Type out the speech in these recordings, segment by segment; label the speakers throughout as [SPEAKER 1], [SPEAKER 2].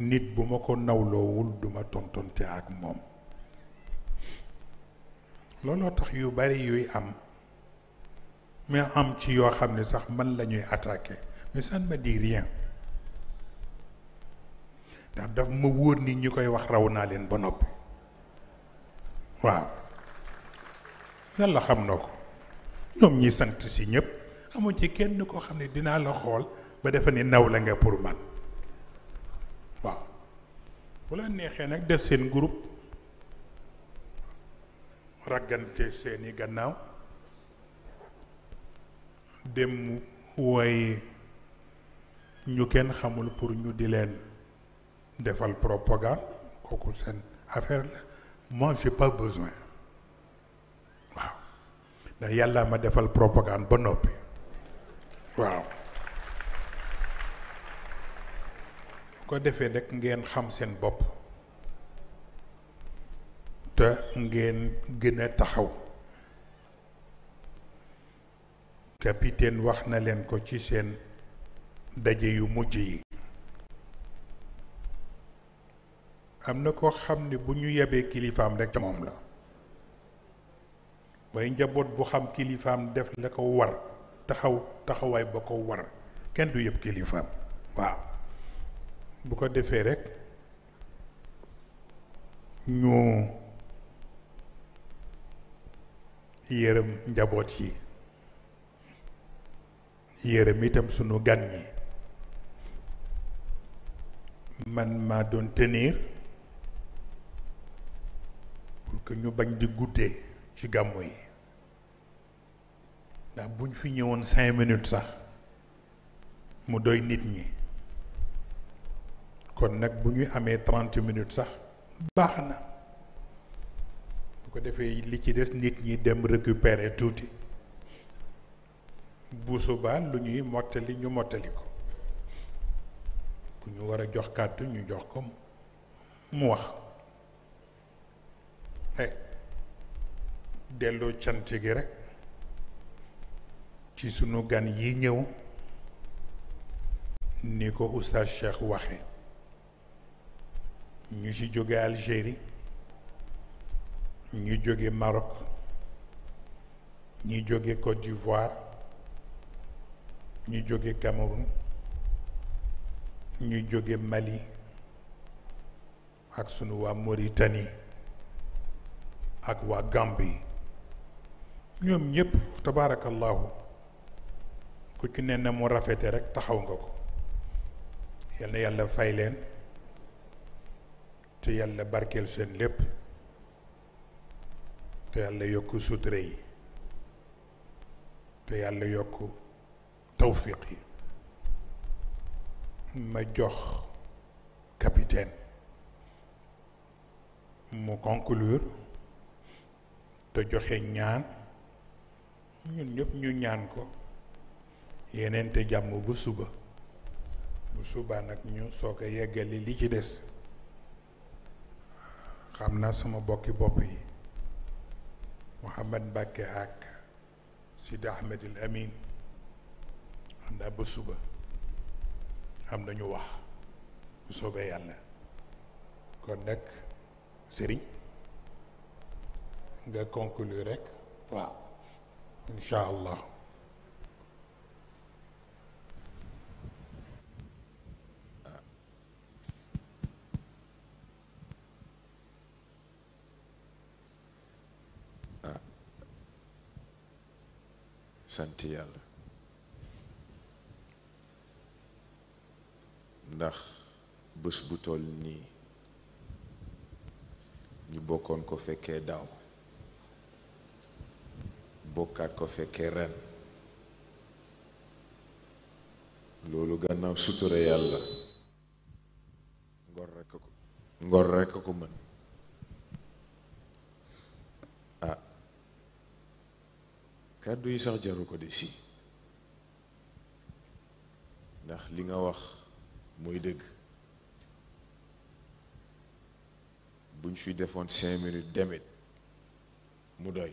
[SPEAKER 1] nit bu ma ko nawloowul duma tontonte ak moom looloo tax yu bari yuy am mais am ci yoo xam ne sax man lañuy ñuy attaqué mais ça me dit rien ndax daf ma wóor ni ñu koy wax raw naa leen ba noppi waaw yàlla xam na ko ñoom ñi sant si ñëpp amu ci kenn ko xam ne dinaa la xool ba defa ni naw la nga pour man bu la neexee nag def seen groupe raggante seeni gannaaw dem wooye ñu kenn xamul pour ñu di leen defal propagande kooku seen affaire la moi pas besoin waaw ndax yàlla ma defal propagande ba noppi waaw ko defee rek ngeen xam seen bopp te ngeen gën taxaw capitaine wax na leen ko ci seen daje yu mujj yi am na ko xam ne bu ñu yebee kilifaam rek ca moom la waaye njaboot bu xam kilifaam def la ko war taxaw taxawaay ba ko war kenn du yëpp kilifaam waaw bu ko defee rek ñu yërëm njaboot yi yërëm itam sunu gan yi man maa doon tenir pour que ñu bañ di guddee ci gàmmu yi ndax buñ fi ñëwoon cinq minutes sax mu doy nit ñi kon nag bu ñu amee trente minutes sax baax na bu ko defee li ci des nit ñi dem récupérer tuuti bu subaa lu ñuy mottali ñu mottali ko bu ñu war a jox kàddu ñu jox ko mu wax eh delloo cant ci sunu gan yi ñëw ni ko oustaz Cheikh waxe ñu ci jóge Algérie ñu jóge marok ñu jóge Côte d'Ivoire ñu jóge Cameroun ñu jóge Mali ak sunu waa Mauritanie ak waa Gambie ñoom ñépp tabaarakallaahu ku ci ne na mu rafete rekk taxaw nga ko yal yàlla fay leen te yàlla barkeel seen lépp te yàlla yokk sutura yi te yàlla yokk tawfiq yi ma jox capitaine mu conclure te joxe ñaan ñun ñëpp ñu ñaan ko yeneen te jàmm bu suba bu suba nag ñu soog a yeggali li ci des xam naa sama bokki bopp yi Mouhamad Mbacke ak Sidi Ahmedil Amin xam naa ba suba am na ñu wax bu soobee yàlla kon nag sëriñ nga conclure rek waaw incha allah
[SPEAKER 2] sant yàlla ndax bés bu toll nii ñu bokkoon ko fekkee daaw bokkaat ko fekkee ren loolu gannaaw sutura yàlla ngor rekk ko ngor rekk ko mën kàddu yi sax jaru ko di si ndax li nga wax mooy dëgg buñ fi defoon cinq minutes demit mu doy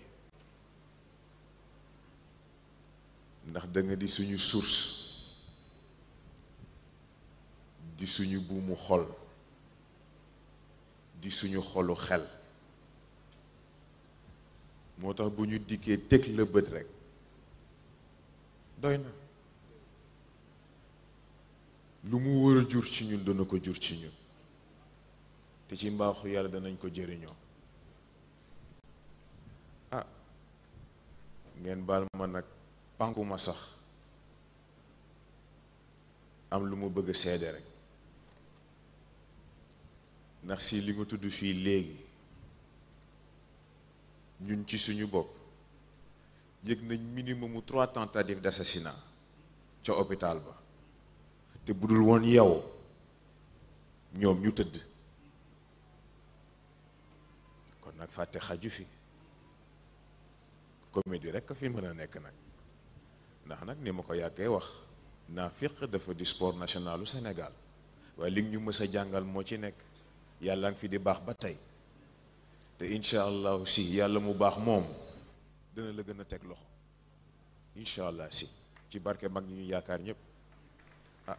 [SPEAKER 2] ndax da di suñu source di suñu buumu xol di suñu xolu xel moo tax bu ñu dikkee teg la bët rek doy na lu mu war jur ci ñun dana ko jur ci ñun te ci mbaaxu yàlla danañ ko jëriñoo ah ngeen baal ma nag pànkuma sax am lu mu bëgg a seede rek ndax si li nga tudd fii léegi ñun ci suñu bopp yëg nañ minimum mu trois tentatives d'assassinat ca hôpital ba te bu dul woon yow ñoom ñu tëdd kon nag fàtte xaju fi comédie rekk fi mën a nekk nag ndax nag ni ma ko yàggee wax naafiq dafa di sport nationalu senegal waaye li ñu mës a jàngal moo ci nekk yàlla ngi fi di baax ba tey te incha allah si yàlla mu baax moom dina la gën a teg loxo incha allah si ci barke mag ñi ñu yaakaar ñëpp ah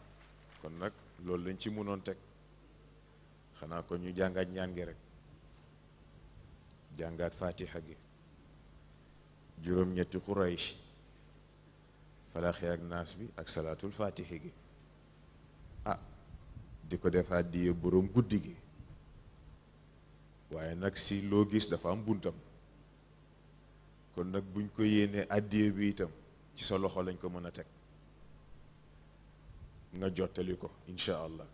[SPEAKER 2] kon nag loolu lañ ci mënoon teg xanaa ko ñu jàngaat ñaan gi rek jàngaat fatiha gi juróom-ñetti Quraysh falaxe ak naas bi ak salaatul fatiha gi ah di ko defaat di borom guddi gi waaye nag si loo gis dafa am buntam kon nag buñ ko yéenee àddiye bi itam ci sa loxo lañ ko mën a teg nga jottali ko incha allah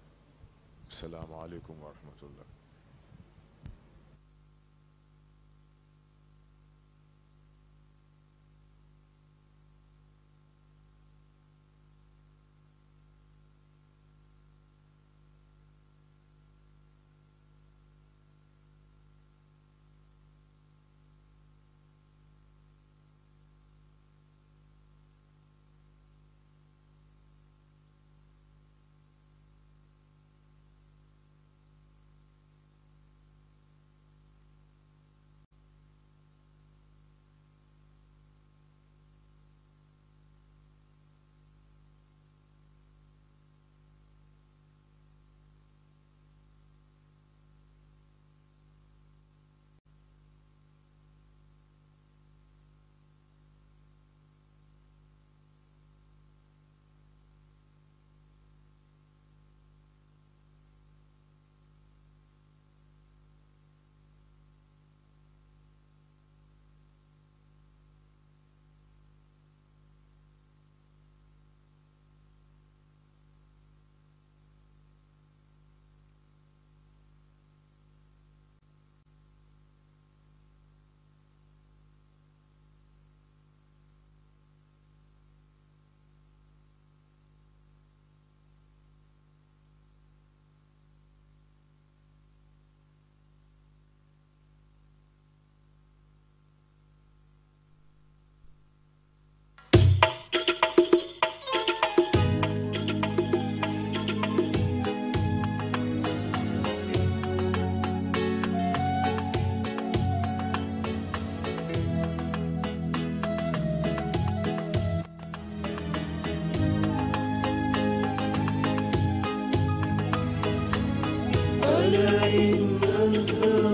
[SPEAKER 2] asalaamaaleykum wa rahmatullah
[SPEAKER 1] Nasıl